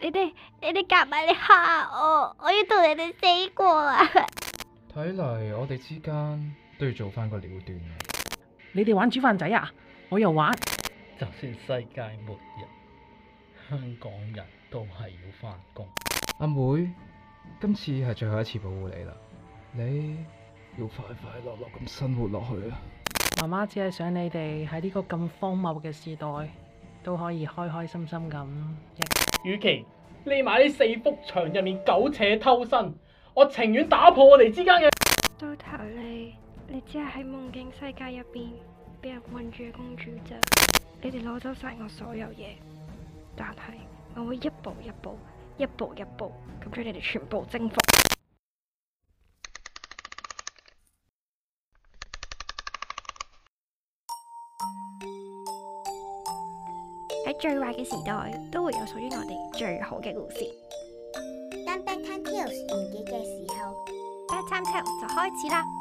你哋你哋夾埋你蝦我，我要同你哋死過啊！睇嚟我哋之間都要做翻個了斷。你哋玩煮飯仔啊？我又玩。就算世界末日，香港人都係要翻工。阿妹，今次係最後一次保護你啦，你要快快樂樂咁生活落去啊！媽媽只係想你哋喺呢個咁荒謬嘅時代都可以開開心心咁。與其匿埋喺四幅牆入面苟且偷生，我情願打破我哋之間嘅。都睇你，你只係喺夢境世界入邊俾人困住嘅公主啫。你哋攞走晒我所有嘢，但係我會一步一步，一步一步咁將你哋全部征服。喺最壞嘅時代，都會有屬於我哋最好嘅故事。當《BadTimeTales》完結嘅時候，《BadTimeTales》就開始啦。